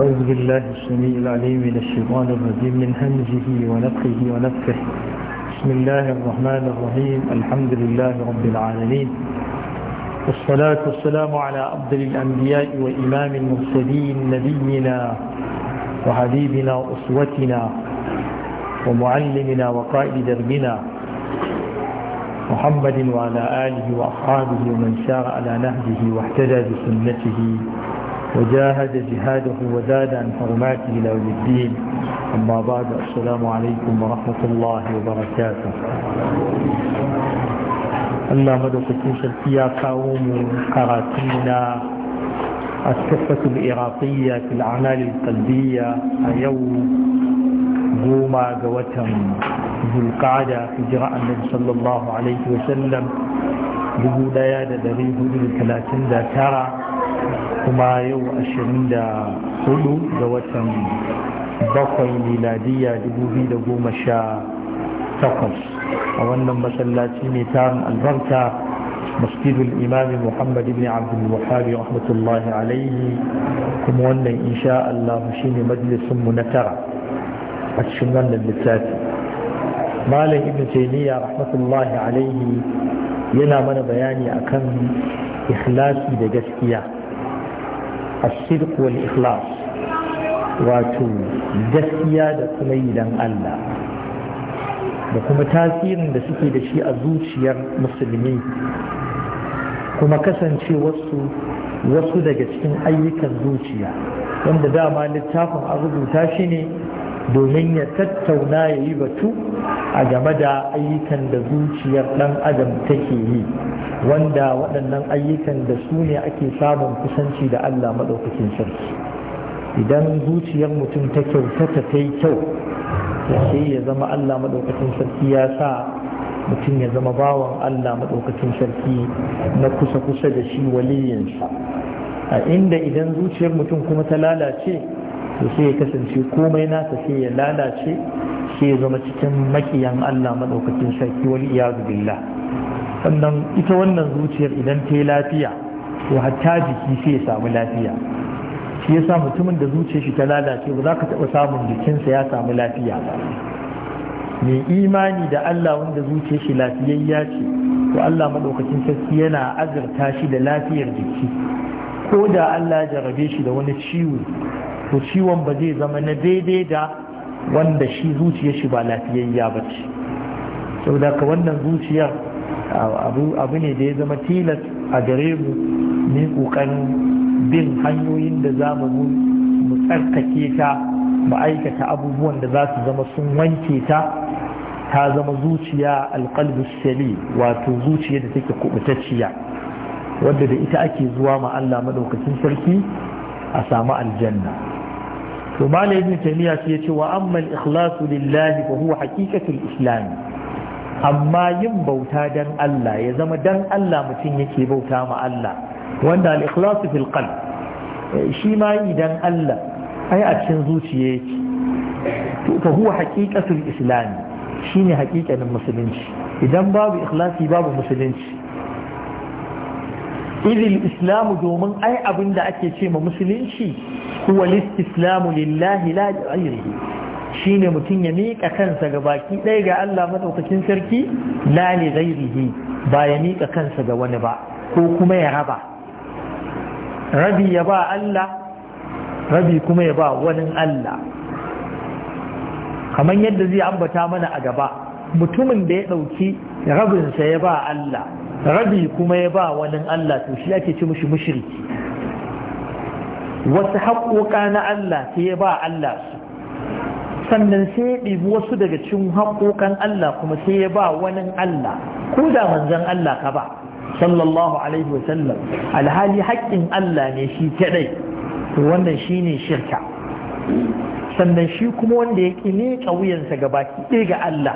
أعوذ بالله السميع العليم من الشيطان الرجيم من همزه ونفخه ونفخه بسم الله الرحمن الرحيم الحمد لله رب العالمين والصلاة والسلام على أفضل الأنبياء وإمام المرسلين نبينا وحبيبنا وأسوتنا ومعلمنا وقائد دربنا محمد وعلى آله وأصحابه ومن سار على نهجه واهتدى بسنته وجاهد جهاده وزاد عن حرماته إلى يوم الدين أما بعد السلام عليكم ورحمة الله وبركاته الله مدوكتين فيها قوم قراتينا الكفة الإراقية في الأعمال القلبية اليوم قوما قوتهم ذو القعدة هجراء النبي صلى الله عليه وسلم بقول يا دريه ذو الثلاثين ذا ترى kuma yau 24 ga watan bakwai miladiya 2018 a wannan masallaci mai tarin albarka masjidul imami muhammad ibn abdul wahabi rahmatullahi alaihi kuma wannan insha Allah shine majalisun mu na tara a cikin wannan littafi malam ibn taymiya rahmatullahi alaihi yana mana bayani akan ikhlasi da gaskiya الصدق والإخلاص واتو دسيا Allah, da kuma tasirin da suke da shi a zuciyar musulmi, kuma وصو wasu daga cikin ayyukan zuciya wanda dama littafin a rubuta shi ne domin ya tattauna ya yi batu a game da ayyukan da zuciyar ɗan adam take yi wanda waɗannan ayyukan da su ne ake samun kusanci da Allah maɗaukacin sarki idan zuciyar mutum ta kyautata ta yi kyau sai ya zama Allah maɗaukakin sarki ya sa mutum ya zama bawan Allah maɗaukacin sarki na kusa-kusa da shi waliyinsa a inda idan zuciyar mutum kuma ta lalace to sai ya kasance komai nasa sai ya lalace sai ya zama cikin makiyan Allah maɗaukacin sarki wani iyazu billah sannan ita wannan zuciyar idan ta yi lafiya to hatta jiki sai ya samu lafiya shi yasa mutumin da zuciyar shi ta lalace ba za ka taɓa samun jikinsa ya samu lafiya ba mai imani da Allah wanda zuciyar shi lafiyayya ce to Allah maɗaukacin sarki yana azurta shi da lafiyar jiki ko da Allah ya jarabe shi da wani ciwo to ciwon ba zai zama na daidai da wanda shi zuciyar shi ba lafiyayya ba ce saboda ka wannan zuciyar abu ne da ya zama tilas a gare mu ne kokarin bin hanyoyin da za mu mu tsarkake ta mu aikata abubuwan da za su zama sun wanke ta ta zama zuciya alƙalbu shali wato zuciya da take kubutacciya wadda da ita ake zuwa ma Allah madaukakin sarki a samu aljanna to malai ibn taymiya sai ya ce wa amma al-ikhlasu lillahi fa huwa haqiqatul islam amma yin bauta dan Allah ya zama dan Allah mutum yake bauta ma Allah wanda al-ikhlasu fil shi ma idan Allah ai a cikin zuciya yake to fa huwa haqiqatul islam shine haqiqanin musulunci idan babu ikhlasi babu musulunci idil islamu domin ai abin da ake ce ma musulunci huwa Islamu lillahi la ghairihi Shi ne mutum ya miƙa kansa ga baki ɗaya ga Allah maɗaukakin sarki la zai ba ya miƙa kansa ga wani ba ko kuma ya raba rabi ya ba Allah rabi kuma ya ba wani Allah kamar yadda zai ambata mana a gaba mutumin da ya ɗauki rabinsa ya ba Allah rabi kuma ya ba wani Allah to shi ake ci mushi mushriki wasu haƙoƙa na Allah sai ya ba Allah su sannan sai ya ɗibi wasu daga cikin haƙoƙan Allah kuma sai ya ba wani Allah ko da manzon Allah ka ba sallallahu alaihi wa sallam alhali haƙƙin Allah ne shi kadai to wannan shine shirka sannan shi kuma wanda ya ƙi ne wuyansa ga ɗaya ga Allah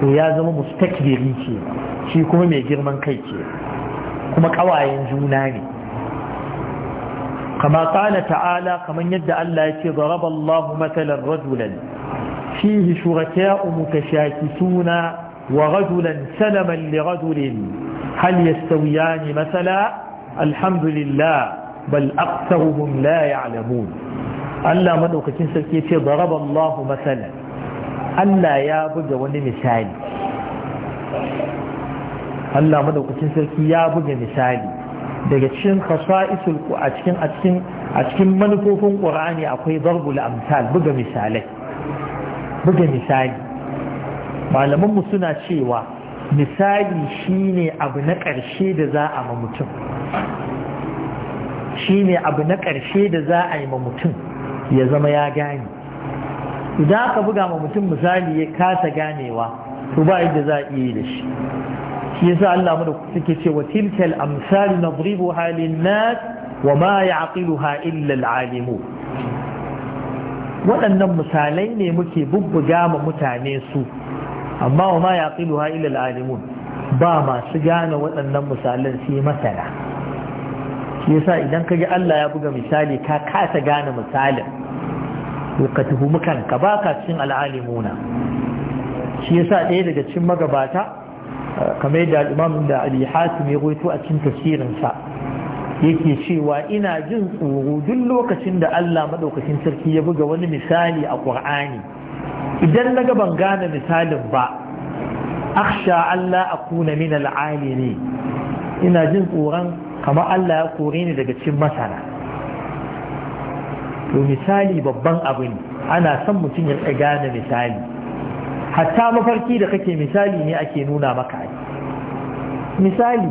to ya zama takbiri ce shi kuma mai girman kai ce kuma ƙawayen juna ne كما قال تعالى كمن يدى الله يتي ضرب الله مثلا رجلا فيه شركاء متشاكسون ورجلا سلما لرجل هل يستويان مثلا الحمد لله بل أكثرهم لا يعلمون ألا من أكتن سكيتي ضرب الله مثلا ألا يا بد ألا Allah madaukakin sarki ya daga cikin khasa'isul a cikin a cikin a cikin manufofin qur'ani akwai darbul amsal buga misalai buga misali malaman mu suna cewa misali shine abu na ƙarshe da za a ma mutum shine abu na ƙarshe da za a yi ma mutum ya zama ya gane idan aka buga ma mutum misali ya kasa ganewa to ba yadda za a iya da shi yasa Allah mu suke ce a tilkal amsal nadribuha lin-nas wa ma ya'qiluha illa al-alimun waɗannan misalai ne muke bubbuga ma mutane su amma wa ma yaqiluha illa al-alimun ba masu gane waɗannan misalan sai masana shi yasa idan ka ga Allah ya buga misali ka kasa gane misalin to ka tuhumi kanka ba ka cin al-alimuna shi yasa ɗaya daga cikin magabata kamar yadda al'imam da abi hatim ya goyi a cikin tasirinsa yake cewa ina jin tsoro duk lokacin da Allah maɗaukacin sarki ya buga wani misali a Qur'ani idan naga ban gane misalin ba aksha Allah akuna min ne ina jin tsoron kamar Allah ya kore ni daga cin masana to misali babban abu ne ana son mutum ya gane misali hatta mafarki da kake misali ne ake nuna maka misali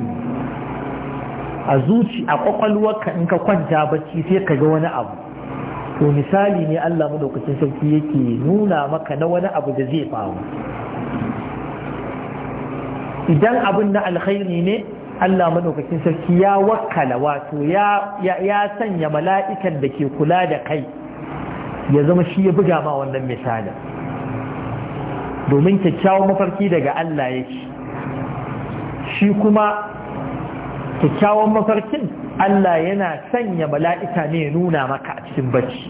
a zuci a kwakwalwarka in ka kwanta bacci sai ka ga wani abu to misali ne Allah madaukakin sarki yake nuna maka na wani abu da zai faru idan abin na alkhairi ne Allah madaukakin sarki ya wakkala wato ya sanya mala'ikan da ke kula da kai ya zama shi ya buga ma wannan misalin domin kyakkyawan mafarki daga Allah yake shi kuma kyakkyawan mafarkin Allah yana sanya mala'ika ne nuna maka a cikin bacci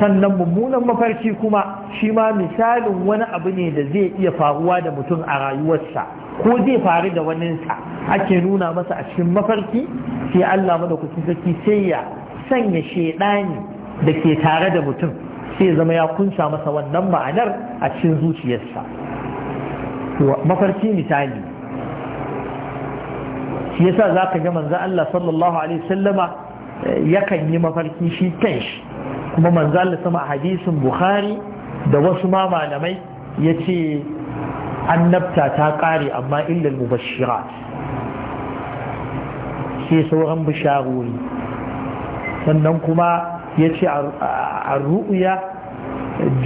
sannan mummunan mafarki kuma shi ma misalin wani abu ne da zai iya faruwa da mutum a rayuwarsa ko zai faru da waninsa ake nuna masa a cikin mafarki sai Allah madaukakin sarki sai ya sanya shaidani da ke tare da mutum sai zama ya kunsa masa wannan ma'anar a cikin zuciyarsa mafarki misali shi yasa za ka ga manzan Allah sallallahu Alaihi wasallama eh, yakan yi mafarki shi kanshi kuma manza Allah sama a hadisin Bukhari da wasu ma malamai ya ce annabta ta ƙare amma illal mubashira sai sauran bisharori sannan kuma ya ce a ru'uya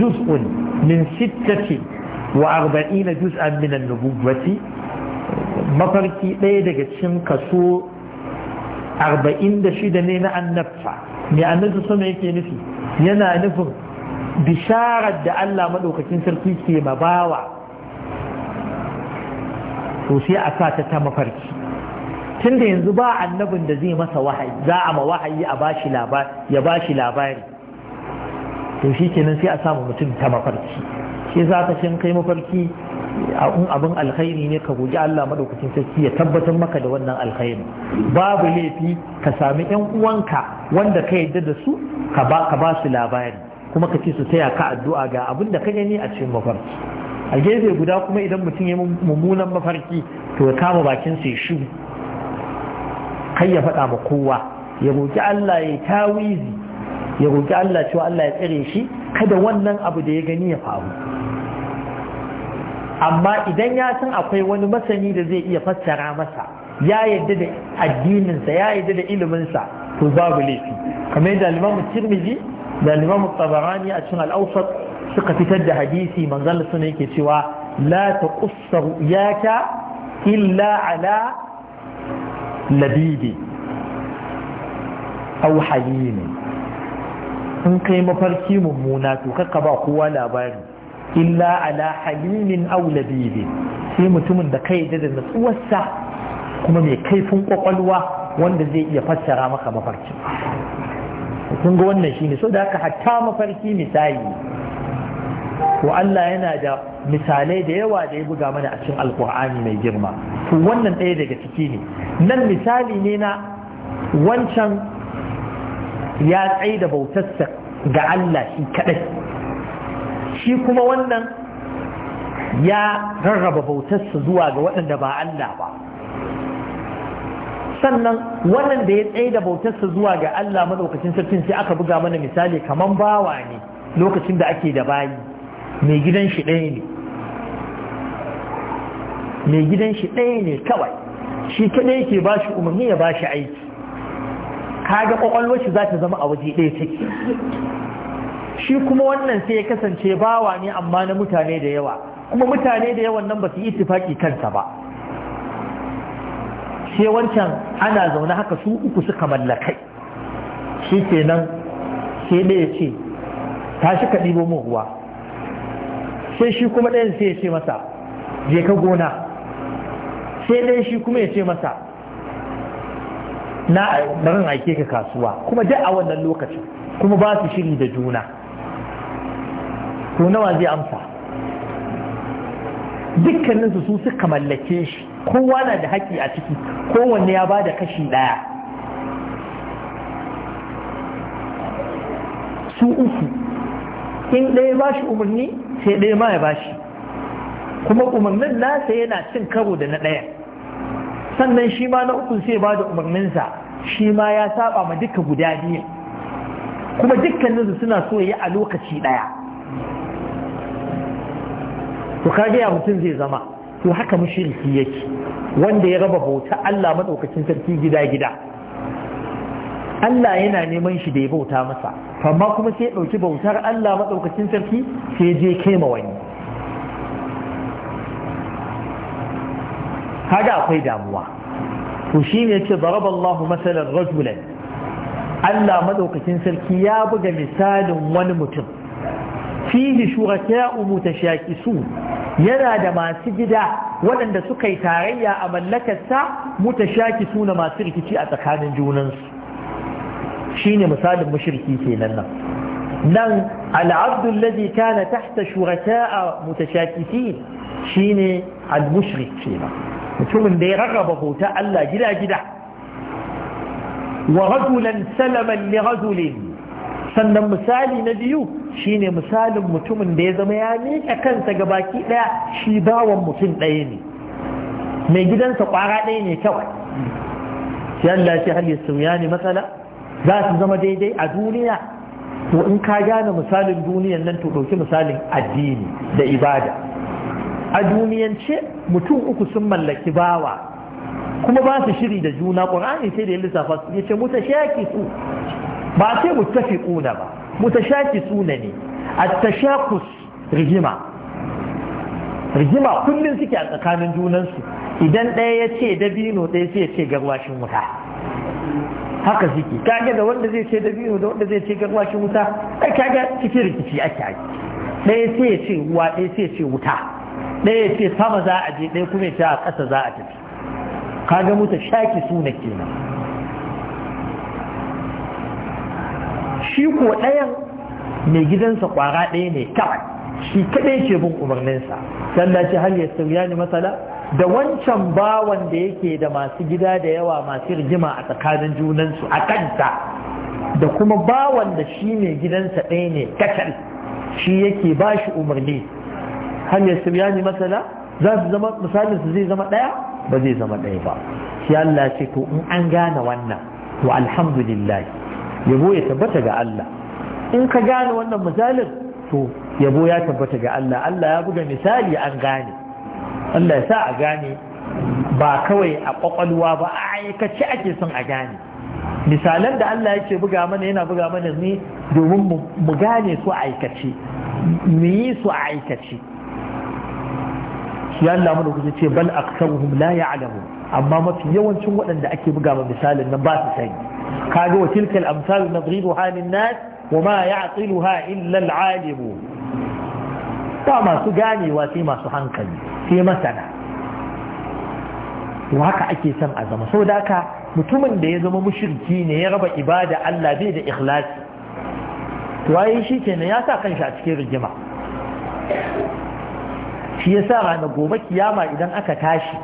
juz'un min sittati wa arba'ina juz'an min annubuwati mafarki ɗaya daga cikin kaso arba'in da shida ne na annabta mai annabta sama yake nufi yana nufin bisharar da Allah maɗaukacin sarki ke mabawa to sai a sa ta mafarki tun da yanzu ba annabin da zai masa wahayi za a ma wahayi a bashi labari ya bashi labari to shi kenan sai a samu mutum ta mafarki shi za ka cin kai mafarki un abin alkhairi ne ka guji Allah madaukakin sarki ya tabbatar maka da wannan alkhairi babu laifi ka sami yan uwanka wanda ka yadda da su ka ba su labari kuma ka ce su taya ka addu'a ga abin da ka gani a cikin mafarki a gefe guda kuma idan mutum ya mummunan mafarki to ya kama bakin sai shi kai ya faɗa ma kowa ya roƙi Allah ya tawizi ya roƙi Allah cewa Allah ya tsare shi kada wannan abu da ya gani ya faru amma idan ya san akwai wani masani da zai iya fassara masa ya yadda da addininsa ya yadda da iliminsa to babu laifi kamar yadda limamu tirmidhi da limamu tabarani a cikin al'ausar suka fitar da hadisi manzon suna yake cewa la taqussu yaka illa ala Labibi au halimi in kai mafarki mummuna to kakka ba kowa labari illa ala halimin au labibi sai mutumin da kai da natsuwarsa kuma mai kaifin kwakwalwa wanda zai iya fassara maka mafarki kun ga wannan shine so da haka hatta mafarki misali to Allah yana da misalai da yawa da ya buga mana a cikin alkur'ani mai girma to wannan ɗaya daga ciki ne nan misali ne na wancan ya tsaye da bautarsa ga Allah shi kaɗai shi kuma wannan ya rarraba bautarsa zuwa ga waɗanda ba Allah ba sannan wannan da ya tsaye da bautarsa zuwa ga Allah madaukakin sarkin sai aka buga mana misali kaman bawa ne lokacin da ake da bayi mai gidan shi ɗaya ne mai gidan shi ɗaya ne kawai shi kaɗai yake ba shi umarni ya ba shi aiki kaga ƙwaƙwalwar shi za ta zama a waje ɗaya take shi kuma wannan sai ya kasance bawa ne amma na mutane da yawa kuma mutane da yawan nan ba su yi tufaƙi kansa ba sai wancan ana zaune haka su uku suka mallakai shi kenan sai ɗaya ce tashi ka ɗibo min ruwa sai shi kuma ɗayan sai ya ce masa je ka gona sai ɗayan shi kuma ya ce masa na barin aike ka kasuwa kuma duk a wannan lokacin kuma ba su shiri da juna to nawa zai amsa dukkaninsu su suka mallake shi kowa na da haƙƙi a ciki kowanne ya ba da kashi ɗaya su uku in ɗaya ba shi umarni sai ɗaya ma ya bashi kuma umarnin nasa yana cin karo da na ɗaya sannan shi ma na uku sai ba da umarninsa shi ma ya saba ma duka guda biyu kuma dukkaninsu suna so ya yi a lokaci ɗaya to ka ya mutum zai zama to haka mushriki yake wanda ya raba bauta Allah madaukakin sarki gida-gida Allah yana neman shi da ya bauta masa amma kuma sai ya ɗauki bautar Allah maɗaukacin sarki sai je kema wani kaga akwai damuwa to ce yace daraballahu masalan rajulan Allah maɗaukacin sarki ya buga misalin wani mutum fihi shuraka'u mutashakisun yana da masu gida waɗanda suka yi tarayya a mallakarsa mutashakisu na masu rikici a tsakanin junansu shine misalin mushriki kenan nan nan al'abdu alladhi kana tahta shuraka'a mutashakisin shine al-mushrik kenan mutumin da ya rarraba bauta Allah gida gida wa rajulan salaman li rajulin sannan misali na biyu shine misalin mutumin da ya zama ya miƙa kansa ga baki ɗaya shi bawan mutum ɗaya ne mai gidansa ƙwara ɗaya ne kawai sai Allah ya ce hal yasumiyani matsala za su zama daidai a duniya Ko in ka gane misalin duniyan nan to ɗauki misalin addini da ibada a duniyance mutum uku sun mallaki bawa kuma ba su shiri da juna ƙur'ani sai da ya lissafa su ya ce shaki su ba ce tafi mutafiquna ba shaki suna ne at-tashakus rigima rigima kullum suke a tsakanin junansu idan ɗaya ya ce dabino ɗaya sai ya ce garwashin wuta haka suke kage da wanda zai ce biyu da wanda zai ce garwashi wuta ai kage cike rikici ake ake ɗaya sai ya ce ruwa ɗaya sai ya ce wuta ɗaya ya ce sama za a je ɗaya kuma ya ce a ƙasa za a tafi kaga muta shaki suna kenan shi ko ɗayan mai gidansa ƙwara ɗaya ne kawai shi kaɗai ke bin umarninsa sannan ce hal ya sauya ni masala da wancan bawan da yake da masu gida da yawa masu rigima a tsakanin junansu a kanta da kuma bawan da shi ne gidansa ɗaya ne kacal shi yake ba shi umarni har ya ne masala za su zama misalin su zai zama ɗaya ba zai zama ɗaya ba shi Allah ce to in an gane wannan to alhamdulillah yabo ya tabbata ga Allah in ka gane wannan misalin to yabo ya tabbata ga Allah Allah ya buga misali an gane Allah ya sa a gane ba kawai a ƙwaƙwalwa ba a aikace ake son a gane misalan da Allah yake buga mana yana buga mana ne domin mu gane su a aikace mu yi su a aikace ya Allah mu kuke ce bal aktsaruhum la ya'lamu amma mafi yawancin waɗanda ake buga ma misalin nan ba su sani kaga wa tilkal amsalu nadribuha lin nas wa ma ya'qiluha illa al-alimu ba masu ganewa sai masu hankali sai masana to haka ake son a zama da aka mutumin da ya zama mushirki ne ya raba ibada Allah bai da ikhlasi to ai shi kenan ya sa kanshi a cikin rigima shi ya sa ranar gobe kiyama idan aka tashi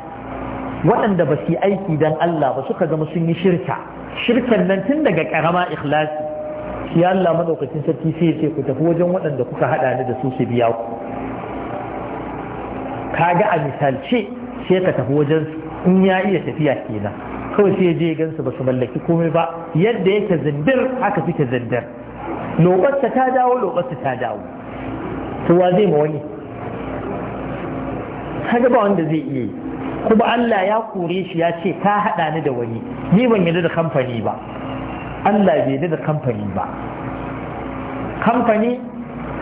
waɗanda ba su aiki don Allah ba suka zama sun yi shirka shirkan nan tun daga ƙarama ikhlasi shi Allah maɗaukacin sarki sai ce ku tafi wajen waɗanda kuka haɗa ni da su su biya ku Ka ga a misalce sai ka tafi wajen in ya iya tafiya kenan kawai sai je gansu ba su mallaki komai ba yadda yake zindir aka fita zindir lokacin ta dawo lokacin ta dawo to wa zai ma wani kaga ba wanda zai iya yi kuma Allah ya kore shi ya ce ka haɗa ni da wani ni ban yarda da kamfani ba Allah bai yarda da kamfani ba kamfani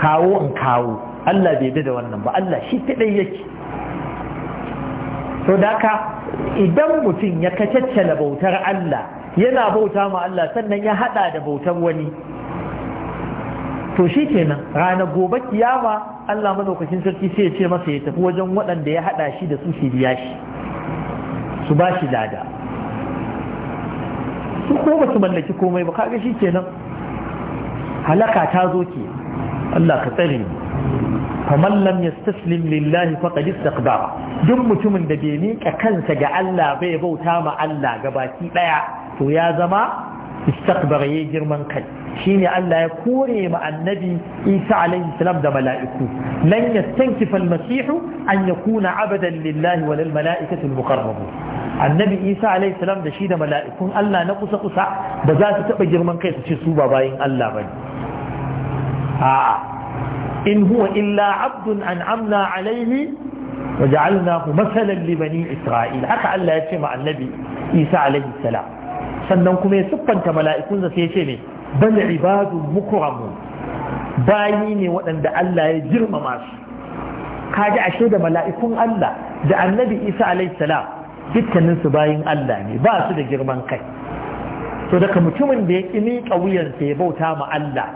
kawo in kawo Allah bai yarda da wannan ba Allah shi kadai yake to ka, idan mutum ya kacaccala bautar Allah yana bauta ma Allah sannan ya hada da bautar wani to shi kenan ranar gobe kiyama Allah madaukakin sarki sai ya ce masa ya tafi wajen waɗanda ya hada shi da su shi biya shi su ba shi lada su ko ba su mallaki komai ba kaga shi kenan halaka ta zo ke Allah ka tsare ni faman lam yastaslim lillahi faqad istaqdara duk mutumin da bai miƙa kansa ga Allah bai bauta ma Allah gabaki daya to ya zama istakbar ya girman kai shine Allah ya kore ma annabi Isa alaihi salam da mala'iku lan yastankifa al-masihu an yakuna abadan lillahi wa lil mala'ikati al annabi Isa alaihi salam da shi da mala'ikun Allah na kusa kusa ba za su taba girman kai su ce su ba bayin Allah bane a'a إن هو إلا عبد أنعمنا عليه وجعلناه مثلا لبني إسرائيل حتى الله يتشمع النبي إيسى عليه السلام سننكم يسبا كملائكون سيشمي بل عباد مكرمون بايني وأن الله يجرم ماشي kaji ashe da mala'ikun Allah da annabi Isa alaihissalam dukkaninsu bayan Allah ne ba su da girman kai to daga mutumin da ya ƙi miƙa wuyansa ya bauta ma Allah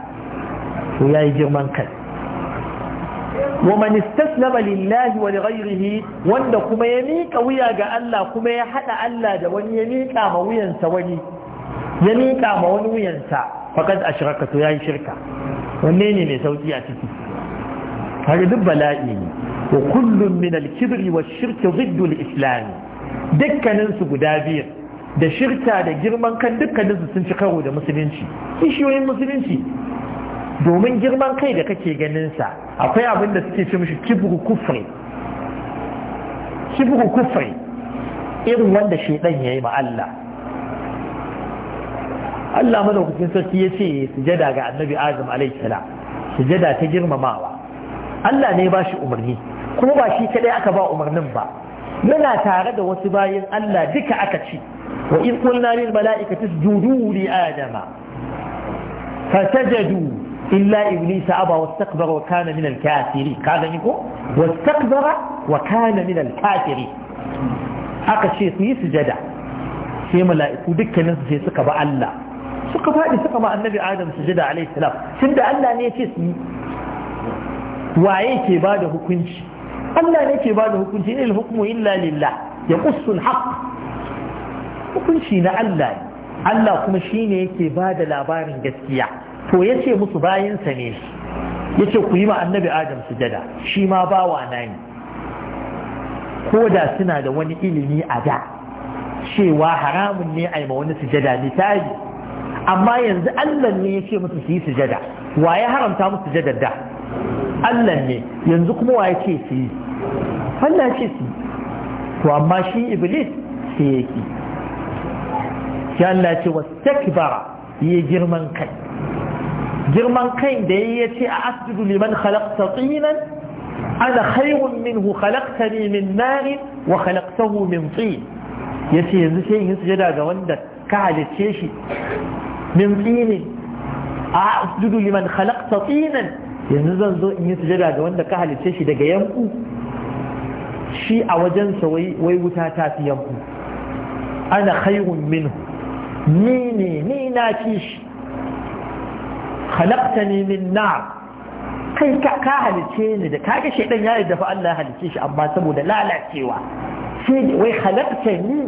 to ya yi girman kai wa man istaslama lillahi wa lighairihi wanda kuma ya mika wuya ga Allah kuma ya hada Allah da wani ya mika ma wuyansa wani ya mika ma wani wuyansa faqad ashraka to yayi shirka wanne ne mai sauki a ciki kaga duk bala'i ne wa kullun min al-kibri wa shirki ziddu al-islam dukkanin su guda biyar da shirka da girman kan dukkanin su sun ci karo da musulunci kishiyoyin musulunci domin girman kai da kake ganinsa akwai abin da suke ce mishi kibru kufri kibru kufri irin wanda shaidan ya yi ma Allah Allah madaukakin sarki ya ce sujada ga annabi Adam alaihi sujada ta girmamawa Allah ne ba shi umarni kuma ba shi kadai aka ba umarnin ba yana tare da wasu bayan Allah duka aka ci wa in qulna lil mala'ikati isjudu li adama fasajadu illa iblis aba wastakbara wa kana min al-kafiri ka gani ko wastakbara wa kana min al-kafiri aka ce su yi sujada sai mala'iku dukkanin su sai suka ba Allah suka faɗi suka ma annabi Adam sujada alaihi salam tunda Allah ne ya ce su yi waye ke ba da hukunci Allah ne ke ba da hukunci ne hukmu illa lillah ya qussul haqq hukunci na Allah Allah kuma shine yake ba da labarin gaskiya to ya ce musu bayansa ne ya ce ku yi ma annabi adam sujada shi ma bawa na ne ko da suna da wani ilimi a da cewa haramun ne a yi ma wani sujada misali amma yanzu allah ne ya ce musu su yi sujada wa ya haramta musu sujada da allah ne yanzu kuma wa ya ce su yi allah ce su yi. to amma shi iblis sai ya yake sai allah ce wasu takbara ya girman kai girman kai da ya ce a asjudu liman khalaqta tinan ana khairun minhu khalaqtani min narin wa khalaqtahu min tin yace yanzu sai yin sujada ga wanda ka halice shi min tinin a asjudu liman khalaqta tinan yanzu zan zo in yi sujada ga wanda ka halice shi daga yanku shi a wajensa wai wuta ta fi yanku ana khairun minhu ni ne ni na ci shi khalaqtani min nar kai ka halice ni da kaga shaidan ya yadda fa Allah halice shi amma saboda lalacewa sai wai khalaqtani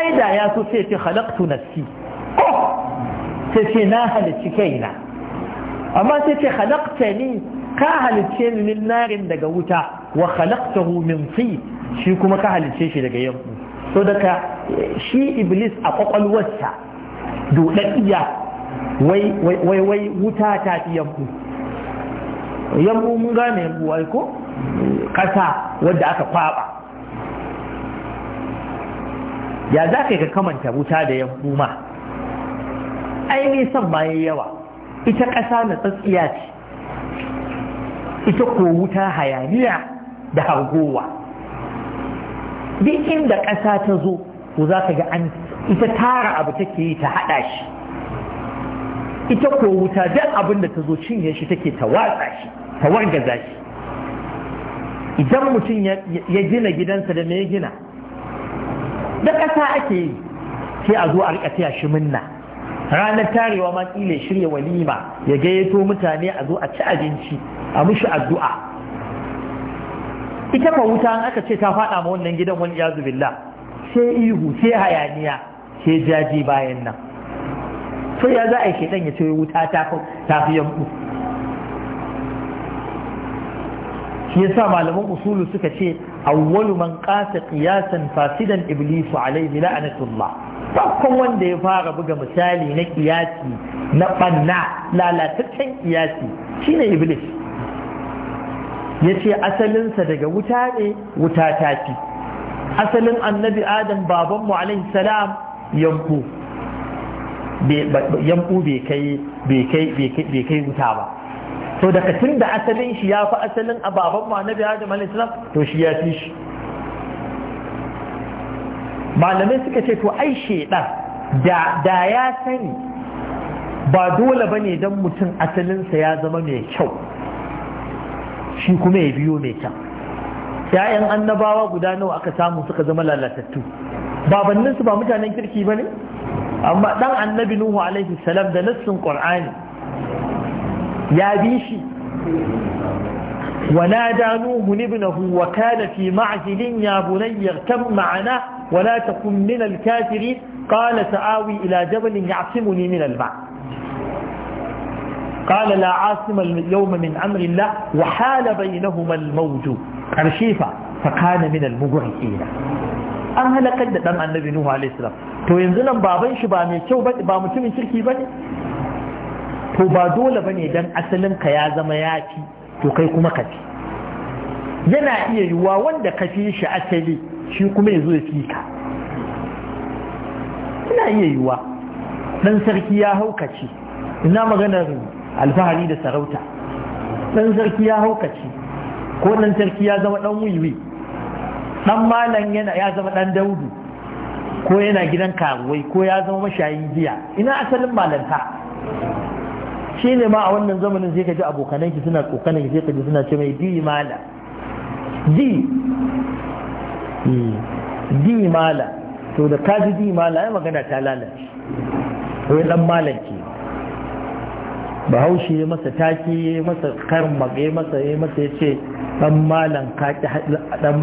ai da ya so sai ce khalaqtu nafsi oh! sai ce na halici kaina amma sai ce khalaqtani ka halice ni min narin daga wuta wa khalaqtahu min tin shi kuma ka halice shi daga yanku so daga shi iblis a kwakwalwarsa dodaddiya wai wai wuta ta fi yambu yambu mun gane yambu wai ko kasa wadda aka kwaba ya za ka ka kamanta wuta da yambu ma ai nisan ma yawa ita kasa na tsatsiya ce ita ko wuta hayaniya da hargowa duk inda ƙasa ta zo to za ka ga an ita tara abu take yi ta haɗa shi ita ko wuta duk abin da ta zo cinye shi take ta watsa shi ta idan mutum ya gina gidansa da me gina da ƙasa ake yi sai a zo a riƙa taya shi minna ranar tarewa ma ƙila shirya walima ya gayyato mutane a zo a ci abinci a mushi addu'a ita ko wuta an aka ce ta faɗa ma wannan gidan wani yazu billah sai ihu sai hayaniya sai jaji bayan nan sai ya za a yi shaidan ya ce wuta ta fi yanku shi sa malaman usulu suka ce awwalu man kasa qiyasan fasidan iblisu alayhi la'anatullah farkon wanda ya fara buga misali na kiyasi na banna lalataccen kiyasi shine iblis Ya ce asalinsa daga wuta ne wuta ta fi asalin annabi adam babanmu alaihi salam yanku yanku bai kai wuta ba to daga tun da asalin shi ya fi asalin ababen ma na biyar da to shi ya fi shi malamai suka ce to ai shaidan da ya sani ba dole ba ne don mutum asalinsa ya zama mai kyau shi kuma ya biyo mai kyau ‘ya'yan annabawa guda nawa aka samu suka zama lalatattu babanninsu ba mutanen kirki ba ne اما dan annabi نوح عليه السلام ده nassin qur'ani يا بيشي ونادى نوح ابنه وكان في معزل يا بني اغتم معنا ولا تكن من الكافرين قال سآوي إلى جبل يعصمني من الماء قال لا عاصم اليوم من أمر الله وحال بينهما الموج أرشيفة فكان من المغرقين an halakar da dan annabi nuhu alaihi salam to yanzu nan baban shi ba mai kyau ba mutumin kirki bane to ba dole bane dan asalin ka ya zama yafi to kai kuma ka fi yana iya yiwuwa wanda ka fi shi asali shi kuma ya ya fi ka yana iya yiwuwa dan sarki ya haukace ina maganar alfahari da sarauta dan sarki ya haukace ko dan sarki ya zama dan wiwi dan malam yana ya zama dan daudu ko yana gidan karuwai ko ya zama mashayin giya ina asalin malanta shi ne ma a wannan zamanin sai ka ji abokanan ki suna kokanan ki sai ka ji suna ce mai di mala di hmm. di mala to da ka ji di mala ai magana ta lalace wai dan malam ke bahaushe ya masa taki ya masa karin ya masa ya masa ya ce ɗan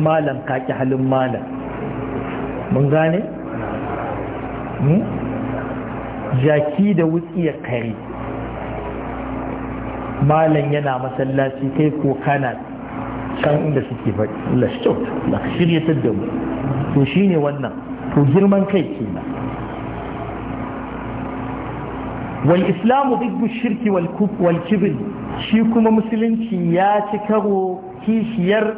malan kaki halin malan mun gane? Hmm? jaki da wutsi ya kare malan yana masallaci kai ko kana can inda suke faɗi lashkyau na shirya da mu to shine wannan to girman kai kenan wal islamu duk shirki wal kibir shi kuma musulunci ya ci karo kishiyar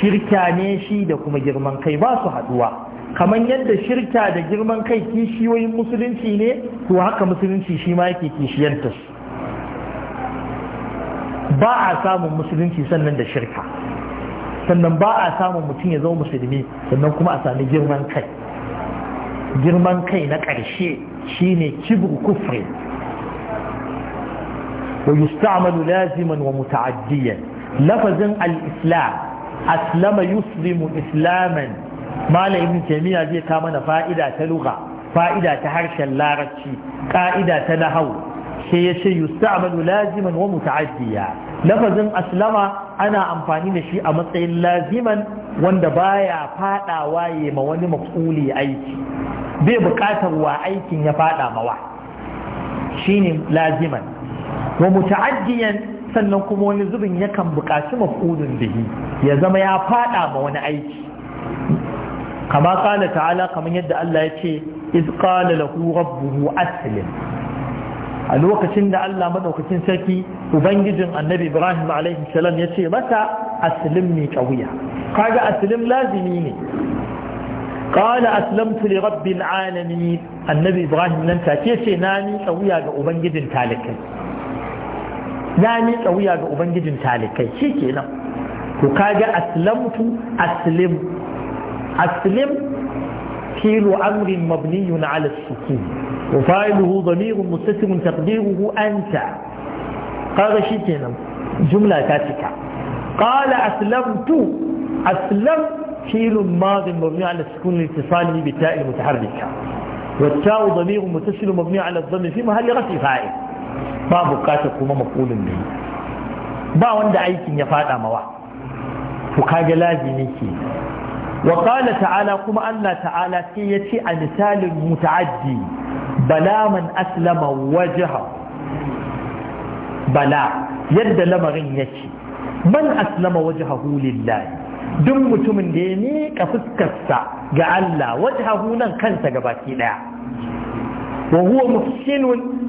shirka ne shi da kuma girman kai ba su kamar yadda shirka da girman kai kishiyoyin musulunci ne to haka musulunci shi ma yake kishiyarta ba a samun musulunci sannan da shirka sannan ba a samun mutum ya zama musulmi sannan kuma a sami girman kai girman kai na ƙarshe shine kibir kufri ويستعمل لازما ومتعديا لفظ الإسلام أسلم يسلم إسلاما ما ابن تيمية زي كامنا فائدة لغة فائدة تحرش اللارتشي قائدة نهو شيء شيء يستعمل لازما ومتعديا لفظ أسلم أنا أمفاني شيء أمطعي لازما وان بايا فاتا واي ما وان مفعولي أيتي بي بقاتر وأيتي يفاتا موا شيني لازما wa muta'addiyan sannan kuma wani zubin yakan buƙaci mafudin bihi ya zama ya faɗa ma wani aiki kama kala ta'ala kamar yadda Allah ya ce iz qala lahu rabbuhu aslim a lokacin da Allah madaukakin sarki ubangijin annabi Ibrahim alaihi salam ya ce masa aslim ne kawiya kaga aslim lazimi ne قال أسلمت لرب العالمين النبي ce na nani kawiya ga Ubangijin talikai ya miƙa wuya ga ubangijin talikai shi kenan ku kaga aslamtu aslim aslim filu amrin mabniyun ala sukun wa fa'iluhu dhamirun mustatirun taqdiruhu anta kaga shi kenan jumla ta cika qala aslamtu aslam filu madi mabni ala sukun litisali bi ta'i mutaharrika والتاء ضمير متصل مبني على الضم في محل رفع فاعل ba bukatar kuma makulin da ba wanda aikin ya fada mawa to kage lazimi ke wa qala ta'ala kuma Allah ta'ala sai ya ce a misalin muta'addi bala man aslama wajha bala yadda lamarin ya yake man aslama wajhahu lillahi duk mutumin da ya miƙa fuskarsa ga Allah wajhahu nan kansa gabaki daya wa huwa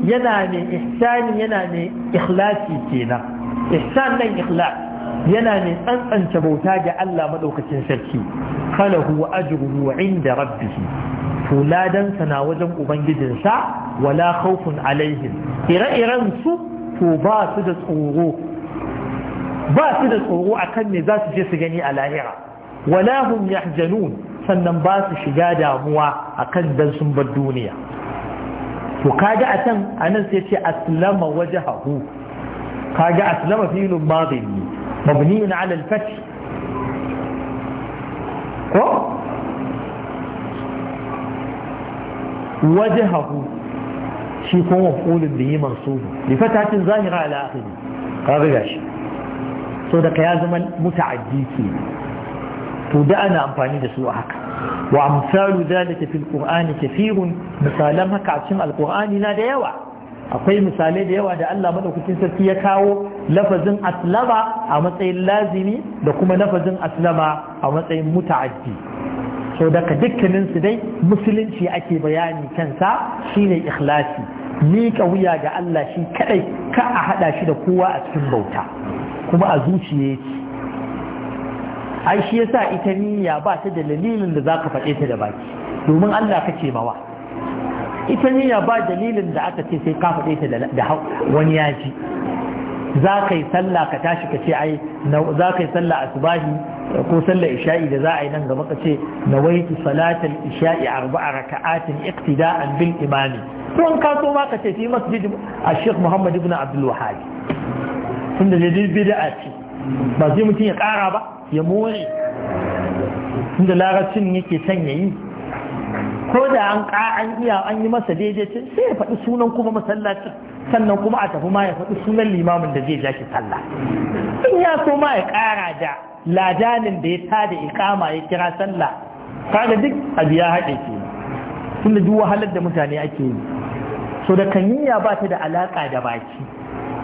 yana mai ihsani yana mai ikhlasi kenan ihsan nan ikhlas yana mai tsantsance bauta ga Allah maɗaukacin sarki falahu wa ajruhu inda rabbih to ladansa na wajen ubangijinsa wala khawfun alaihim ire-iren su to ba su da tsoro ba su da tsoro akan me za je su gani a lahira wala hum yahzanun sannan basu shiga damuwa akan dan sun bar duniya to kaga a can a nan sai ce aslama wajhahu kaga aslama filin madin mabniun ala al-fath ko wajhahu shi kuma mafulun da yi mansub li fatatin zahira ala akhiri kaga gashi so da ka ya zama muta'addi ke to da ana amfani da su a haka وأمثال ذلك في misalan haka a cikin عشان na da yawa? akwai misalai da yawa da Allah madaukakin sarki ya kawo lafazin aslama a matsayin lazimi da kuma lafazin aslama a matsayin muta'addi so daga dukkanin su dai musulunci ake bayani kansa shine ikhlasi ni wuya ga Allah shi kadai ka a hada shi da kowa a cikin bauta kuma a zuciye ai shi yasa ita niyya ba ta da dalilin da zaka faɗe ta da baki domin Allah kace mawa ita niyya ba dalilin da aka ce sai ka faɗe ta da wani ya ji za ka yi sallah ka tashi ka ce ai za ka yi sallah asubahi ko sallah isha'i da za a yi nan gaba ka ce nawaitu salatal isha'i arba'a raka'atin iqtida'an bil imami to an ka so ma ka ce fi masjid a Sheikh Muhammad ibn Abdul Wahhab tunda da bid'a ce ba zai mutum ya kara ba ya more inda laracin yake son ya yi ko da an an iya an yi masa daidai sai ya faɗi sunan kuma masallacin sannan kuma a tafi ma ya faɗi sunan limamin da zai jaki shi sallah in ya so ma ya ƙara da ladanin da ya tada ikama ya kira sallah kaga duk abu ya haɗe ke tunda duk wahalar da mutane ake yi so da ya ba ta da alaƙa da baki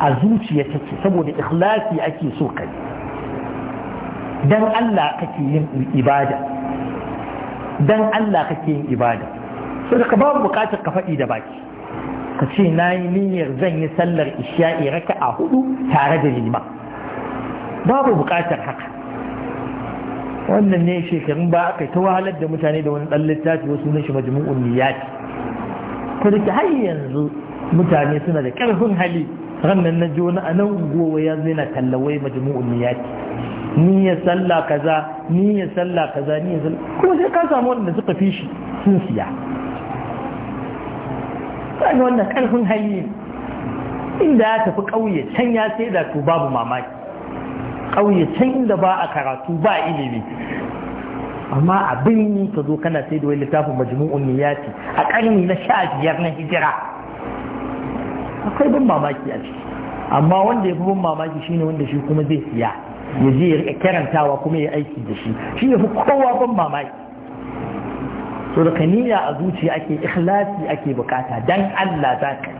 a zuciya take saboda ikhlasi ake so kai dan Allah kake yin ibada dan Allah kake yin ibada so da ka babu bukatar ka faɗi da baki ka ce na yi niyyar zan yi sallar isha'i raka a hudu tare da lima babu bukatar haka wannan ne shekarun ba aka ta wahalar da mutane da wani ɗan littafi wasu ne shi majmu'un niyyati ko da har yanzu mutane suna da ƙarfin hali rannan na jona a nan gowa ya zina tallawai majmu'un niyati ni ya sallah kaza ni ya sallah kaza ni ya sallah kuma sai ka samu wanda suka fi shi sun siya sai wannan karfin hali inda ya tafi kauye can ya sai da to babu mamaki kauye can inda ba a karatu ba ilimi amma abin yi ka zo kana sai da wani littafin majmu'un niyati a karni na sha biyar na hijira akwai ban mamaki a ciki amma wanda ya fi ban mamaki shine wanda shi kuma zai siya ya je ya rika karantawa kuma ya aiki da shi shi ya fi kowa ban mamaki so da niyya a zuciya ake ikhlasi ake bukata dan Allah za ka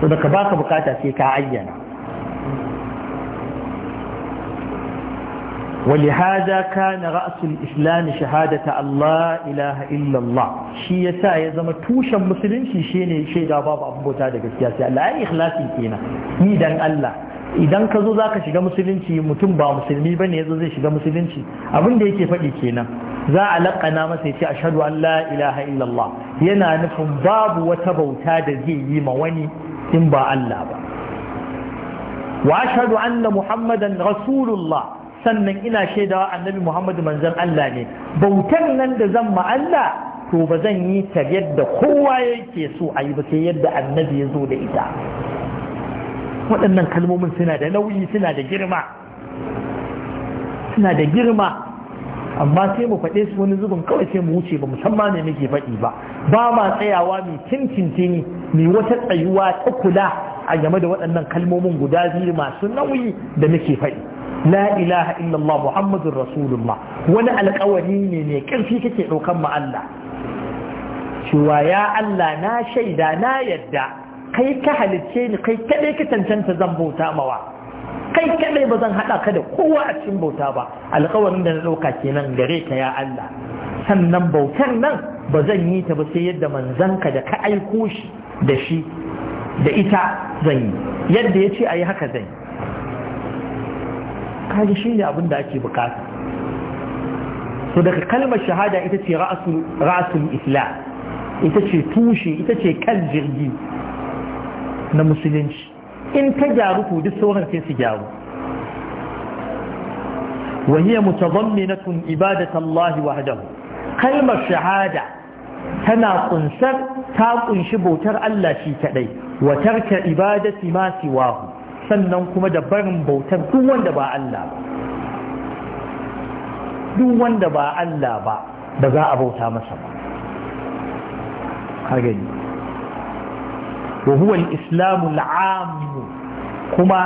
so da ka baka bukata sai ka ayyana ولهذا كان رأس الإسلام شهادة الله إله إلا الله شي يسا يزم توشا مسلم شي شيني شي دا باب أبو تادا قسياسي الله أي إخلاصي كينا ميدان الله idan ka zo za ka shiga musulunci mutum ba musulmi ba ne ya zo zai shiga musulunci abin da yake faɗi kenan za a laƙana masa ya ce a shaɗu an ilaha illallah yana nufin babu wata bauta da zai yi ma wani in ba Allah ba wa ashhadu anna muhammadan rasulullah sannan ina shaidawa annabi muhammadu Manzon Allah ne bautar nan da zan ma Allah to ba zan yi ta yadda kowa yake so a yi ba sai yadda annabi ya zo da ita waɗannan kalmomin suna da nauyi suna da girma suna da girma amma sai mu faɗe su wani zubin kawai sai mu wuce ba musamman ne muke faɗi ba ba ma tsayawa mai cincintini mai wata tsayuwa ta kula a game da waɗannan kalmomin guda biyu masu nauyi da muke faɗi la ilaha illallah muhammadun rasulullah wani alkawari ne mai karfi kake ɗaukan ma Allah cewa ya Allah na shaida na yadda kai ka halicce ni kai kaɗai ka zan bauta mawa kai kaɗai ba zan haɗa ka da kowa a cikin bauta ba alkawarin da na ɗauka kenan gare ka ya Allah sannan bautar nan ba zan yi ta ba sai yadda manzanka da ka aiko shi da shi da ita zan yi yadda ya ce a yi haka zan yi kaji shi ne abinda ake bukata so daga kalmar shahada ita ce ra'asul islam ita ce tushe ita ce kan jirgi na musulunci in ta gyaru ku duk sauran sai su gyaru وهي متضمنة إبادة الله kalmar shahada tana kunsar ta kunshi bautar Allah shi kadai wa tarka ibadati ma siwahu sannan kuma da barin bautar duk wanda ba Allah ba duk wanda ba Allah ba da za a bauta masa ba kagani wa huwa al-islamu al-aam kuma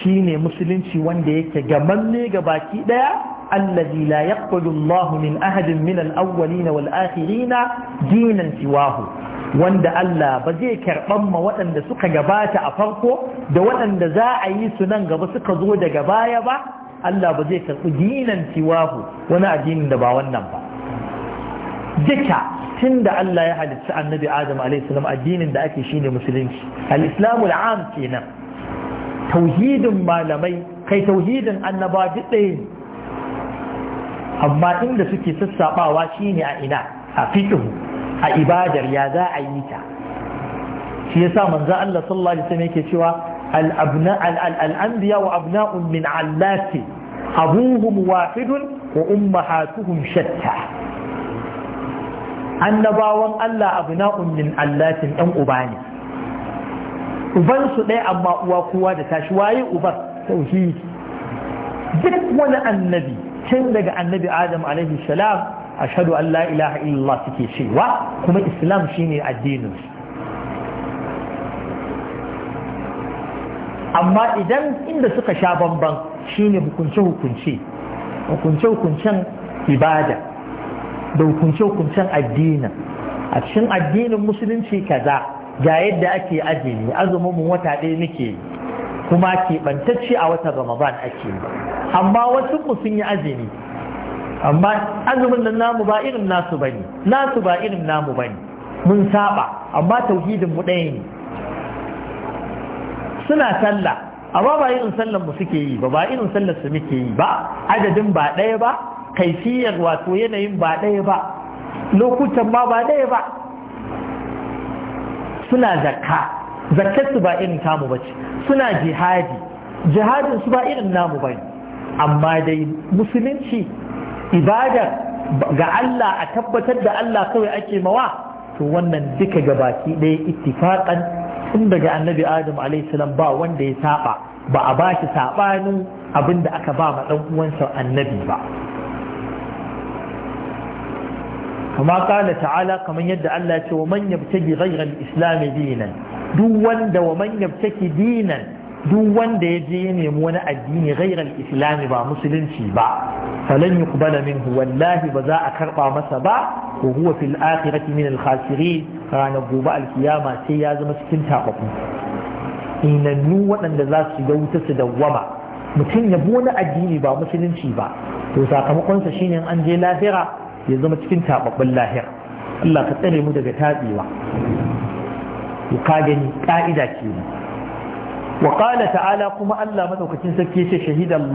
shine musulunci wanda yake gamanne ga baki daya allazi la yaqbalu Allahu min ahadin min al awwalina wal akhirina dinan siwahu wanda Allah ba zai karɓan ma waɗanda suka gabata a farko da waɗanda za a yi su nan gaba suka zo daga baya ba Allah ba zai karɓi dinan siwahu wani addinin da ba wannan ba duka tun da Allah ya halitta annabi Adam alaihissalam addinin da ake shine musulunci al-islamul am kenan tauhidin malamai kai tauhidin annaba duk ɗaya amma inda suke sassabawa shine a ina a fiqhu a ibadar ya za a yi ta shi yasa manzo Allah sallallahu alaihi wasallam yake cewa al abna al anbiya wa abna'un min allati abuhum wahidun wa ummahatuhum shatta annabawan Allah abna'un min allatin dan uba ne uban su ɗaya amma uwa kowa da tashi waye uban tauhidi duk wani annabi tun daga annabi Adam alaihi salam ashadu an la ilaha illallah suke cewa kuma islam shine addinin amma idan inda suka sha bamban shine hukunce hukunce hukunce hukuncen ibada da hukunce hukuncen addinin a cikin addinin musulunci kaza ga yadda ake azumi azumin wata ɗaya muke kuma keɓantacce a watan ramadan ake amma wasu mu sun yi azumi amma azumin nan namu ba irin nasu bane nasu ba irin namu bane mun saba amma tauhidin mu ɗaya ne suna sallah amma ba irin sallar mu suke yi ba ba irin sallar su muke yi ba adadin ba ɗaya ba kaifiyar wato yanayin ba ɗaya ba lokutan ma ba ɗaya ba suna zakka zakkar su ba irin tamu bace suna jihadi jihadin su ba irin namu bane amma dai musulunci Ibadar ga Allah a tabbatar da Allah kawai ake mawa to wannan duka gabaki ɗaya ittifaqan tun daga annabi adam salam ba wanda ya saba ba a ba shi sabanin abin da aka ba ma uwansa annabi ba kama kala ta'ala kamar yadda Allah ce wa man yabtaki ghayra al-islam dinan duk wanda wa man yabtaki dinan duk wanda ya je ya nemi wani addini ghairal islami ba musulunci ba falan yuqbala min wallahi ba za a karba masa ba ko huwa fil akhirati min al ranar gobe alkiyama sai ya zama cikin tabaku inannu waɗanda za su ga wuta su dawwama mutum ya bi wani addini ba musulunci ba to sakamakonsa shine an je lahira ya zama cikin tababbin lahira Allah ka tsare mu daga tatsewa ka gani ka'ida kenan waƙala ta'ala kuma Allah maɗaukacin sarki ce shahidan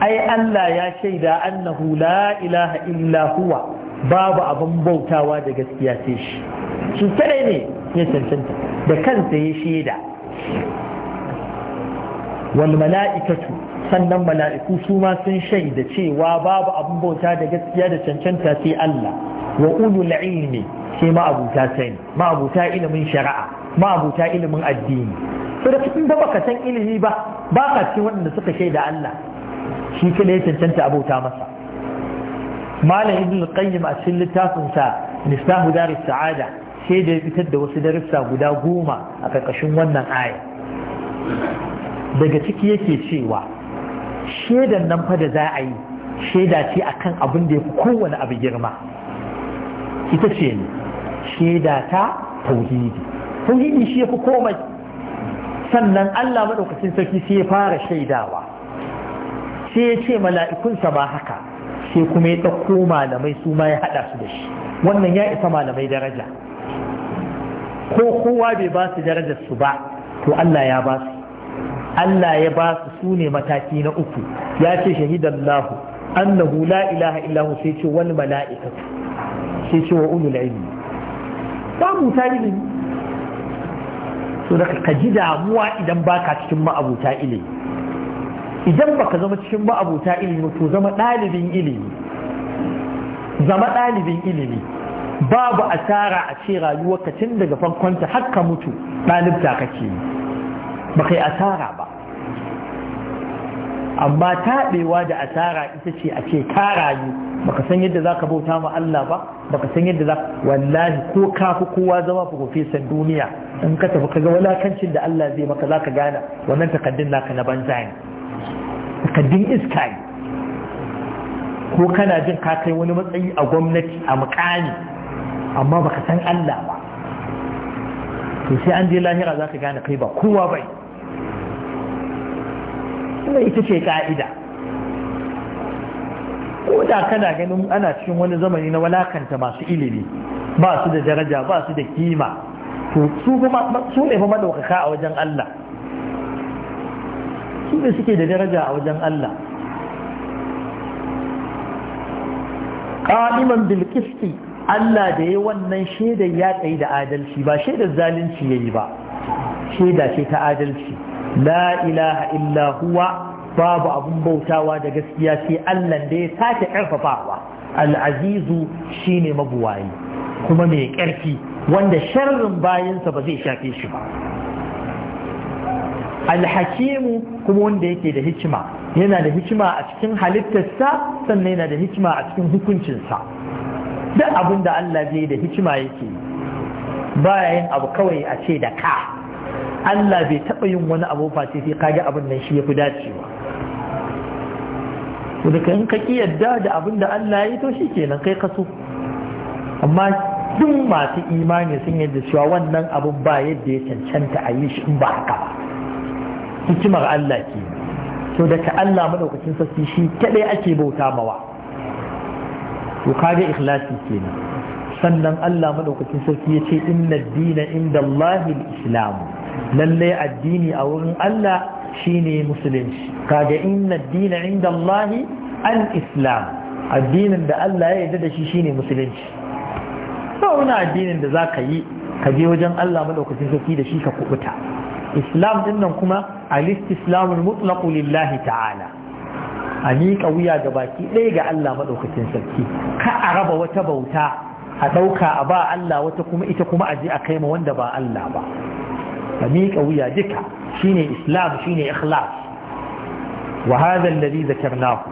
ai Allah ya shaida annahu la ilaha illa babu abin bautawa da gaskiya sai shi shi tare ne ya cancanta da kansa ya shaida Walmala'ikatu sannan mala'iku su ma sun shaida cewa babu abin bauta da gaskiya da cancanta sai Allah wa ulul ilmi sai ma abuta sai ilimin shari'a ma ilimin addini so da cikin da baka san ilimi ba ba ka cikin waɗanda suka shaida Allah shi kala ya cancanta abota masa malam ibn qayyim a cikin littafin sa nisbahu daris sa'ada sai da ya fitar da wasu darussa guda goma a karkashin wannan aya daga ciki yake cewa shaidan nan fa da za a yi shaida ce akan abin da ya fi kowane abu girma ita ce ne shaida ta tauhidi tauhidi shi ya fi komai sannan Allah maɗaukacin sarki sai ya fara shaidawa sai ya ce mala'ikunsa ba haka sai kuma ya ɗauko malamai su ma ya haɗa su da shi wannan ya isa malamai daraja ko kowa bai ba su darajar su ba to Allah ya ba su Allah ya ba su su ne mataki na uku ya ce shahidan lahu annahu la ilaha illahu sai ce wani mala'ikatu sai ce wa ulul ilmi tarihi so da ka ji damuwa idan baka cikin ma'abuta ilimi idan baka zama cikin ma'abuta ilimi to zama ɗalibin ilimi zama ɗalibin ilimi babu asara a ce rayuwa ka tun daga farkon har ka mutu ɗalibta kake ba kai asara ba amma taɓewa da asara ita ce a ce ka rayu baka san yadda zaka bauta ma Allah ba baka san yadda za wallahi ko kafi kowa zama profesan duniya in ka tafi kaga walakancin da Allah zai maka zaka gane wannan takaddun naka na banza ne takaddun iska ne ko kana jin ka kai wani matsayi a gwamnati a mukami amma baka san Allah ba to sai an je lahira zaka gane kai ba kowa bai Ina ita ce ka'ida ko da kana ganin ana cikin wani zamani na walakanta masu ilimi ba su da daraja ba su da kima su ne fa madaukaka a wajen Allah su ne suke da daraja a wajen Allah ƙaiman bil Allah da yayi wannan shaidar ya tsayi da adalci ba shaidar zalunci ya yi ba shaida ce ta adalci la ilaha illa huwa babu abun bautawa da gaskiya sai Allah da ya sake ƙarfafawa al'azizu azizu shine mabuwayi kuma mai ƙarfi wanda sharrin bayansa ba zai shafe shi ba alhakimu kuma wanda yake da hikima yana da hikima a cikin halittarsa sannan yana da hikima a cikin hukuncinsa duk abin da Allah zai da hikima yake baya yin abu kawai a ce da ka Allah bai taɓa yin wani abu face sai kaga abin nan shi ya fi dacewa daga in ka ƙi yadda da abin da Allah ya yi to shi kenan kai kaso amma duk masu imani sun yadda cewa wannan abun ba yadda ya cancanta a yi shi in ba haka ba hikimar Allah ke so daga Allah madaukakin sassi shi kadai ake bauta mawa to kaga ikhlasi kenan sannan Allah maɗaukacin sarki ya ce inna dina inda Allahil islam lalle addini a wurin Allah shine musulunci kaga inna dina inda Allahi al-islam addinin da Allah ya yarda da shi shine musulunci ba wani addinin da za ka yi ka je wajen Allah madaukakin sarki da shi ka kubuta islam din nan kuma al-istislamul mutlaqu lillahi ta'ala a miƙa wuya ga baki ɗaya ga Allah madaukakin sarki ka a raba wata bauta a ɗauka a ba Allah wata kuma ita kuma a je a kai ma wanda ba Allah ba A miƙa wuya duka shine islam shine ikhlas wa hadha alladhi zakarnahu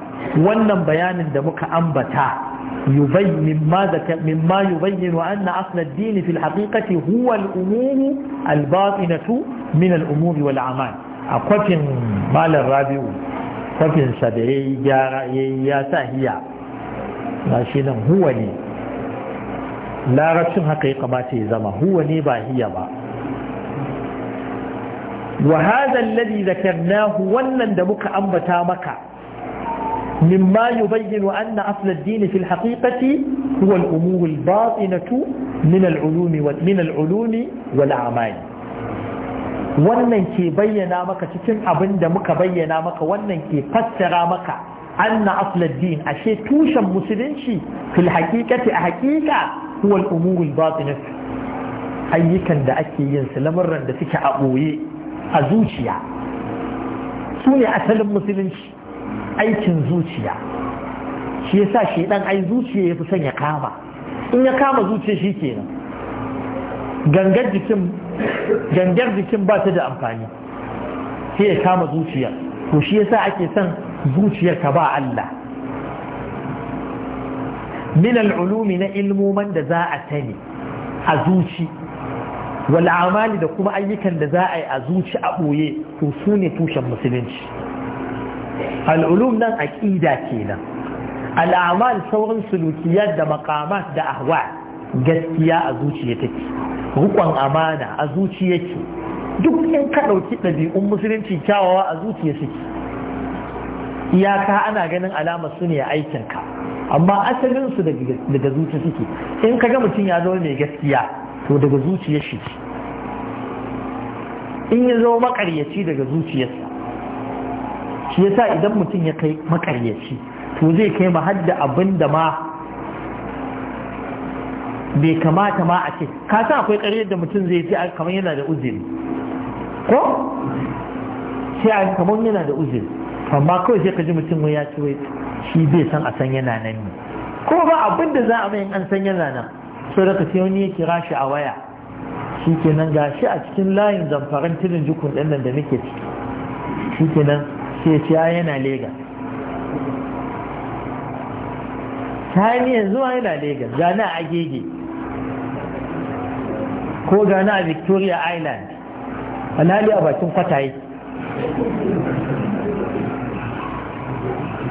wannan bayanin da muka ambata مما, مما يبين أن أصل الدين في الحقيقة هو الأمور الباطنة من الأمور والأعمال أقوى مال الرابع kwafin sa da ya ya sa hiya ba huwa ne larabcin haka ya kamata ya zama huwa ne ba hiya ba wa ladi alladhi wannan da muka ambata maka مما يبين أن أصل الدين في الحقيقة هو الأمور الباطنة من العلوم من العلوم والأعمال wannan ke bayyana maka cikin abin da muka bayyana maka wannan ke fassara maka anna aslad ashe tushen musulunci fil haqiqati a haqiqa huwa al umurul ayyukan da ake yin su lamarran da suke a boye a zuciya su ne asalin musulunci aikin zuciya shi sa shi dan ai zuciya ya fi son ya kama in ya kama zuciya shi kenan gangar jikin gangar jikin ba ta da amfani sai ya kama zuciya to shi yasa ake son zuciyar ka ba Allah min al'ulumi na ilmoman da za a ne a zuci wal'amali da kuma ayyukan da za a yi a zuci a ɓoye to su ne tushen musulunci al'ulum nan aƙida kenan al'amal sauran sulukiyar da makamat da ahwa gaskiya a zuciya take rukon amana a zuciya ke duk in ka ɗauki ɗabi'un musulunci kyawawa a zuciya suke iyaka ana ganin alamar su ne a aikinka amma asalin su daga zuciya suke in ka ga mutum ya zo mai gaskiya to daga zuciya shi in ya zama makaryaci daga zuciyarsa shi yasa idan mutum ya kai makaryaci to zai kai ma har abin da ma bai kamata ma a ce ka sa akwai karyar da mutum zai ce kamar yana da uzuri ko sai a kamar yana da uzuri amma kawai sai ka ji mutum ya ce wai shi bai san a san yana nan ne ko ba abin da za a mai an san yana nan so da ka sai wani ya kira shi a waya shi kenan gashi a cikin layin zamfaran tilin jukun ɗan nan da muke ciki shi kenan sai ce yana lega sani yanzu yana lega gana a gege ko gana a victoria island alhali a bakin kwataye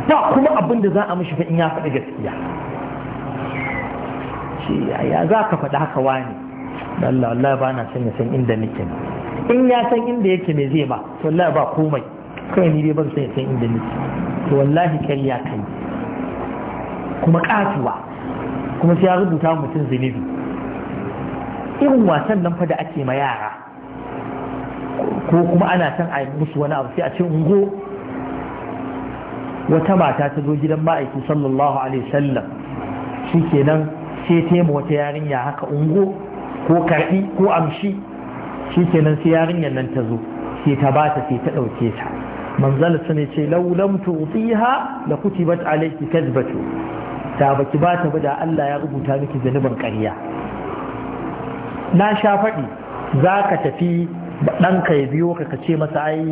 ba kuma abinda za a mashi in ya faɗi gaskiya shi ya za ka faɗi haka wani Allah Allah ba na san ya san inda nake in ya san inda yake me zai ba to Allah ba komai kawai ni dai ban sai san inda nake to wallahi ya kai kuma katuwa kuma sai ya rubuta mutum zunubi irin wasan nan fa da ake ma yara ko kuma ana san a musu wani abu sai a ce ungo wata mata ta zo gidan ma'aiki sallallahu alaihi wasallam kenan sai ta yi wata yarinya haka ungo ko karbi ko amshi shi kenan sai yarinyar nan ta zo sai ta ba ta sai ta ɗauke ta manzal sun ce laulam tu'tiha la kutibat alayki kadhbatu ta baki ba ta bada Allah ya rubuta miki zanuban ƙarya na sha faɗi zaka ka tafi ɗanka ya biyo ka ce masa ai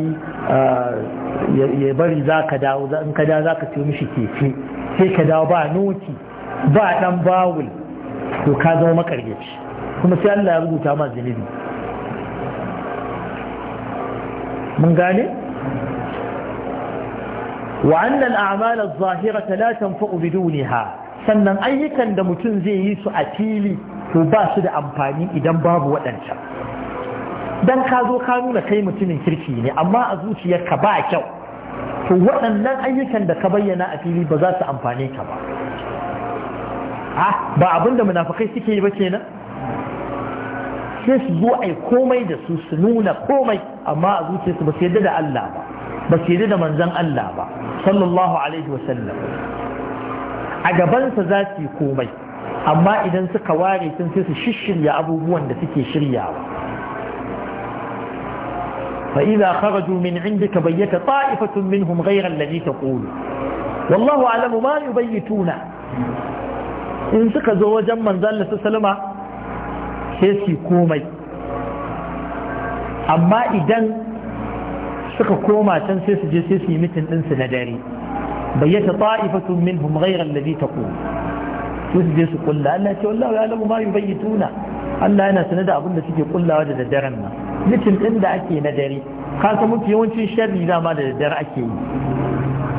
eh, ya bari zaka ka dawo in ka dawo za ka ce mishi keke sai ka dawo ba noti ba ɗan bawul to ka zama makaryaci kuma sai Allah ya rubuta ma zanubi mun gane وأن الأعمال الظاهرة لا تنفع بدونها sannan ayyukan da mutum zai yi su a fili to ba su da amfani idan babu waɗancan don ka zo ka nuna kai mutumin kirki ne amma a zuciyarka ba kyau to waɗannan ayyukan da ka bayyana a fili ba za su amfani ka ba ba abin da munafukai suke yi ba kenan sai su zo ai komai da su su nuna komai amma a zuciyarsu ba su yadda da Allah ba ba su da manzan Allah ba sallallahu alaihi wasallam a gabansa za su yi komai amma idan suka ware sun sai su shishirya abubuwan da suke shiryawa fa idza kharaju min indika bayyata ta'ifatun minhum ghayra alladhi taqulu wallahu a'lamu ma yubayyituna in suka zo wajen manzon Allah sallama sai su komai amma idan suka koma can sai su je sai su yi mitin ɗinsu na dare bayyata ta'ifatun minhum ghayra alladhi taqul Sai su je su kulla Allah ce wallahi ya lamu ma yubayyituna Allah yana sanar da abin da suke kullawa da daddaren nan mitin ɗin da ake na dare ka san mafi yawancin sharri dama da daddare ake yi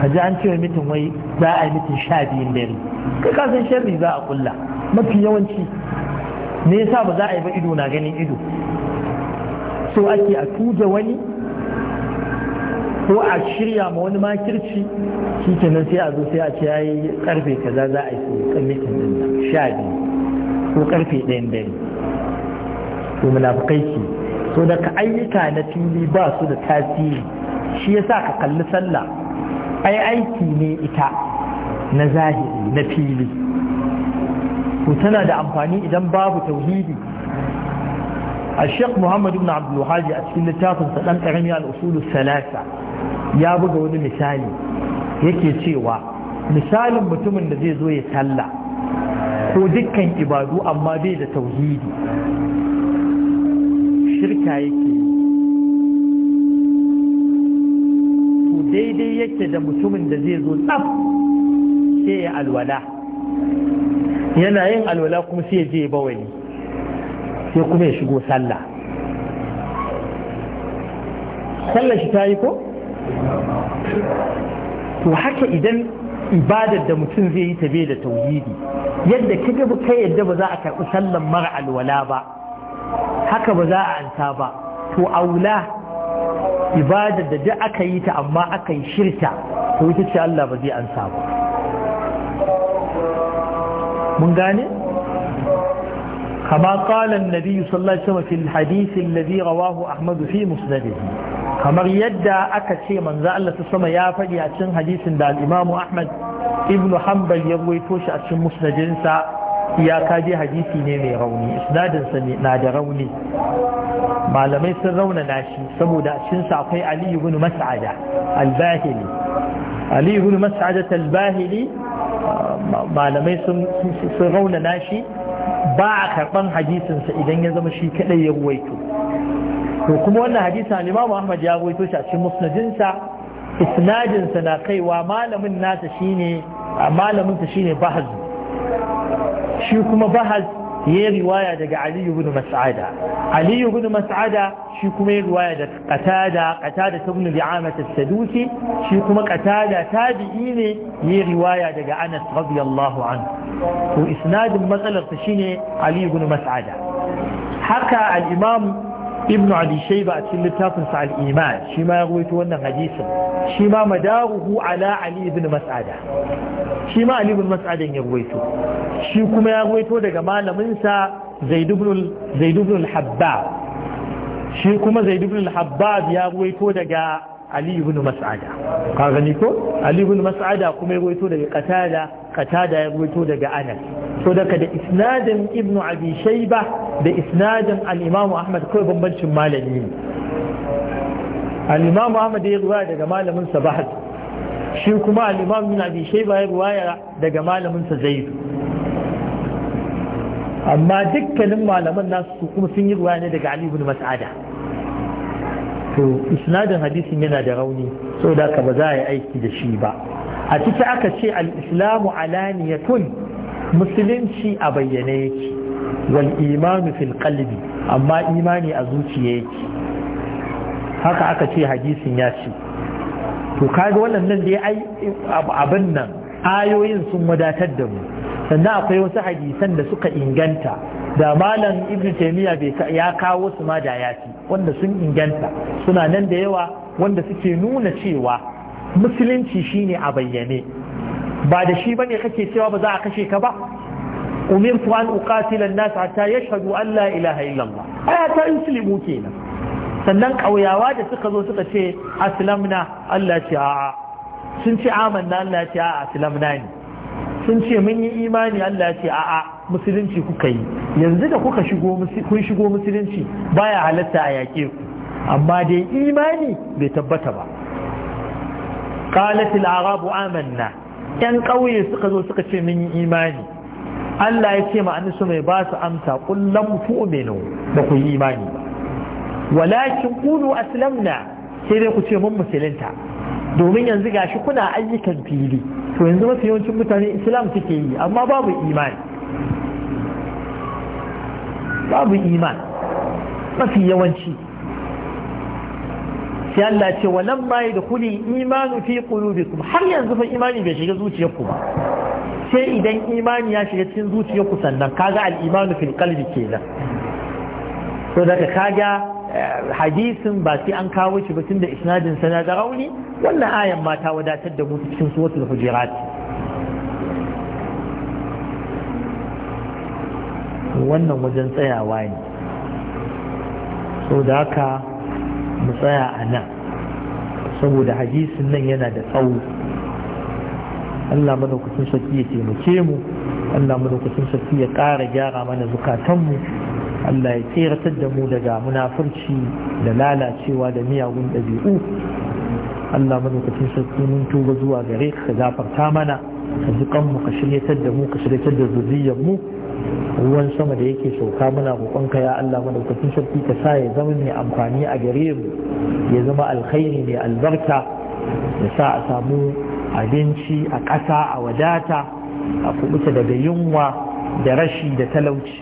ka ji an cewa mitin wai za a yi mitin sha biyun dare ka ka san sharri za a kulla mafi yawanci me yasa ba za a yi ba ido na ganin ido so ake a tuje wani ko a shirya ma wani makirci shi kenan sai a zo sai a ce yayi karfe kaza za a yi kan mitin din sha biyu ko karfe ɗayan dare to munafukai ke so da ka ayyuka na fili ba su da tasiri shi yasa ka kalli sallah ai aiki ne ita na zahiri na fili to tana da amfani idan babu tauhidi الشيخ محمد بن عبد الوهاب أسفل التافن سلام أغنية الأصول الثلاثة ya buga wani misali yake cewa misalin mutumin da zai zo ya sallah ko dukkan ibadu amma bai da tauhidi shirka yake to daidai yake da mutumin da zai zo tsaf sai ya alwala yana yin alwala kuma sai ya je bawani sai kuma ya shigo sallah sallah shi ta yi ko? to haka idan ibadar da mutum zai yi ta bai da tauhidi yadda kaga ba kai yadda ba za a karɓi sallan mara alwala ba haka ba za a anta ba to aula ibadar da duk aka yi ta amma aka yi shirka to ita ce Allah ba zai ansa ba mun gane kama qala an-nabi sallallahu alaihi wasallam fil hadith alladhi rawahu ahmad fi musnadihi kamar yadda aka ce manzo Allah ta sama ya faɗi a cikin hadisin da al-Imam Ahmad ibn Hanbal ya ruwaito shi a cikin musnadinsa ya kaje hadisi ne mai rauni isnadin sa ne na da rauni malamai sun raunana shi saboda a cikin sa akwai Ali ibn Mas'ada al-Bahili Ali ibn Mas'ada al-Bahili malamai sun sun raunana shi ba a karban hadisin sa idan ya zama shi kadai ya ruwaito to kuma wannan hadisi ne ma Muhammad ya rawaito shi a cikin musnadinsa isnadinsa na kaiwa malamin nasa shine malamin sa shine bahaz shi kuma bahaz ya riwaya daga Ali ibn Mas'ada Ali ibn Mas'ada shi kuma ya riwaya da Qatada Qatada ibn Bi'amah as-Sadusi shi kuma Qatada tabi'i ne ya riwaya daga Anas radiyallahu anhu to isnadin matsalar ta shine Ali ibn Mas'ada haka al-Imam ibnu abi shayba a cikin littafin sa al-iman shi ma ya rawaito wannan hadisin shi ma madaruhu ala ali ibn mas'ada shi ma ali ibn mas'ada ya rawaito shi kuma ya rawaito daga malamin sa zaid ibn zaid ibn al-habbab shi kuma zaid ibn al-habbab ya rawaito daga ali ibn mas'ada ka gani ko ali ibn mas'ada kuma ya rawaito daga qatada qatada ya rawaito daga anas to daga da isnadin ibnu abi shayba da isnadin al'imamu ahmad kawai bambancin malami ne al'imamu ahmad ya ruwa daga malaminsa bahad shi kuma al'imamu na bishai ba ya ruwa daga malaminsa zaidu amma dukkanin malaman nasu kuma sun yi ruwa ne daga Ali ibn Mas'ada to isnadin hadisin yana da rauni da ka ba za a yi aiki da shi ba a ciki aka ce al-islamu alaniyatun musulunci a bayyane yake wal imanu fil qalbi amma imani a zuciya yake haka aka ce hadisin ya ce to kaga wannan dai ai abin nan ayoyin sun wadatar da mu sannan akwai wasu hadisan da suka inganta da malam ibn taymiya bai ya kawo su ma da yafi wanda sun inganta suna nan da yawa wanda suke nuna cewa musulunci shine a bayyane ba da shi bane kake cewa ba za a kashe ka ba umirtu an uqatila an-nas hatta yashhadu an la ilaha illa Allah aya ta muslimu kenan sannan kauyawa da suka zo suka ce aslamna Allah ce a'a sun ce amanna Allah ce a'a aslamna ne sun ce mun yi imani Allah ce a'a musulunci kuka yi yanzu da kuka shigo kun shigo musulunci baya halatta a yaƙe ku amma dai imani bai tabbata ba qalat al-arabu amanna yan ƙauye suka zo suka ce mun yi imani Allah ya ce ma'anin su mai ba su amsa kullum umenu ba ku yi imani ba walakin qulu aslamna sai dai ku ce mun musulunta domin yanzu gashi kuna ayyukan fili to yanzu mafi yawancin mutane islam suke yi amma babu imani babu imani mafi yawanci sai Allah ce walan ma yadkhuli imanu fi qulubikum har yanzu fa imani bai shiga zuciyarku ba sai idan imani ya shiga cikin zuciya ku sannan kaga al-imanu fil qalbi kenan to daga kaga eh, hadisin ba sai an kawo shi ba tunda isnadin sana da rauni wannan ayan ma ta wadatar da mu cikin suratul hujurat wannan wajen tsayawa ne saboda haka mu tsaya a nan saboda hadisin nan yana da tsawo Allah madaukakin sarki ya taimake mu Allah madaukakin sarki ya ƙara gyara mana zukatanmu Allah ya tseratar da mu daga munafurci da lalacewa da miyagun ɗabi'u Allah madaukakin sarki mun tuba zuwa gare ka gafarta mana ka zukan mu ka shiryatar da mu ka shiryatar da zuriyar mu ruwan sama da yake sauka muna roƙon ka ya Allah madaukakin sarki ka sa ya zama mai amfani a gare mu ya zama alkhairi mai albarka ya sa a samu abinci a ƙasa a wadata a kubuta daga yunwa da rashi da talauci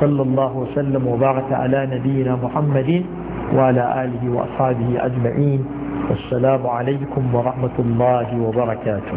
sallallahu wasallam wa baraka ala nabiyina muhammadin wa alihi wa ashabihi ajma'in assalamu alaikum wa rahmatullahi wa barakatuh